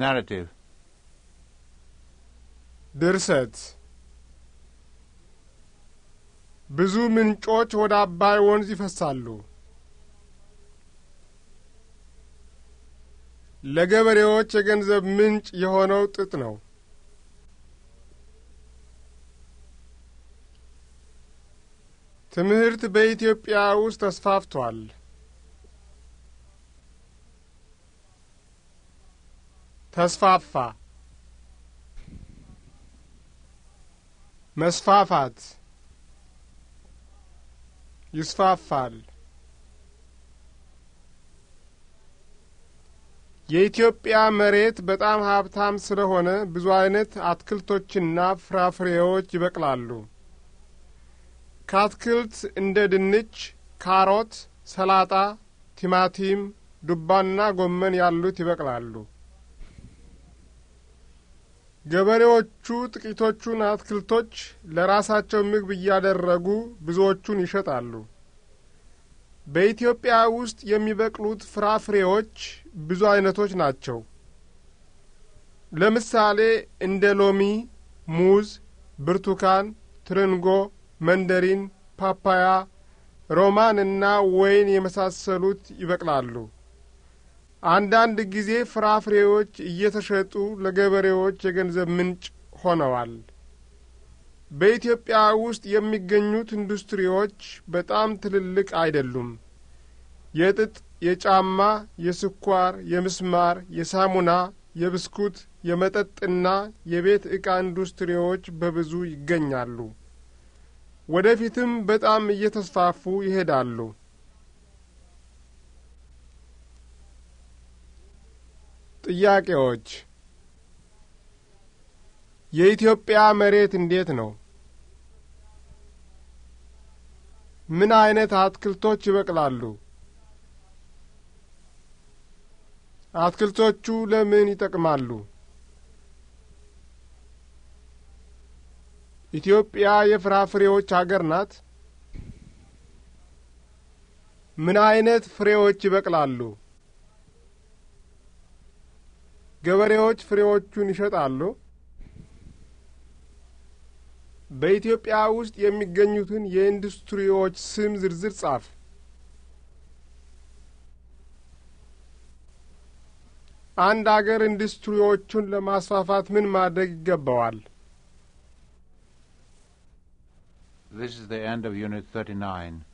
ናራቲቭ ድርሰት ብዙ ምንጮች ወደ አባይ ወንዝ ይፈሳሉ። ለገበሬዎች የገንዘብ ምንጭ የሆነው ጥጥ ነው። ትምህርት በኢትዮጵያ ውስጥ ተስፋፍቷል። ተስፋፋ መስፋፋት ይስፋፋል የኢትዮጵያ መሬት በጣም ሀብታም ስለሆነ ብዙ አይነት አትክልቶችና ፍራፍሬዎች ይበቅላሉ። ከአትክልት እንደ ድንች፣ ካሮት፣ ሰላጣ፣ ቲማቲም፣ ዱባና ጎመን ያሉት ይበቅላሉ። ገበሬዎቹ ጥቂቶቹን አትክልቶች ለራሳቸው ምግብ እያደረጉ ብዙዎቹን ይሸጣሉ። በኢትዮጵያ ውስጥ የሚበቅሉት ፍራፍሬዎች ብዙ አይነቶች ናቸው። ለምሳሌ እንደ ሎሚ፣ ሙዝ፣ ብርቱካን፣ ትርንጎ፣ መንደሪን፣ ፓፓያ፣ ሮማን እና ወይን የመሳሰሉት ይበቅላሉ። አንዳንድ ጊዜ ፍራፍሬዎች እየተሸጡ ለገበሬዎች የገንዘብ ምንጭ ሆነዋል። በኢትዮጵያ ውስጥ የሚገኙት ኢንዱስትሪዎች በጣም ትልልቅ አይደሉም። የጥጥ፣ የጫማ፣ የስኳር፣ የምስማር፣ የሳሙና፣ የብስኩት፣ የመጠጥና የቤት ዕቃ ኢንዱስትሪዎች በብዙ ይገኛሉ። ወደፊትም በጣም እየተስፋፉ ይሄዳሉ። ጥያቄዎች የኢትዮጵያ መሬት እንዴት ነው? ምን አይነት አትክልቶች ይበቅላሉ? አትክልቶቹ ለምን ይጠቅማሉ? ኢትዮጵያ የፍራፍሬዎች አገር ናት? ምን አይነት ፍሬዎች ይበቅላሉ? ገበሬዎች ፍሬዎቹን ይሸጣሉ? በኢትዮጵያ ውስጥ የሚገኙትን የኢንዱስትሪዎች ስም ዝርዝር ጻፍ። አንድ አገር ኢንዱስትሪዎቹን ለማስፋፋት ምን ማድረግ ይገባዋል? This is the end of Unit 39.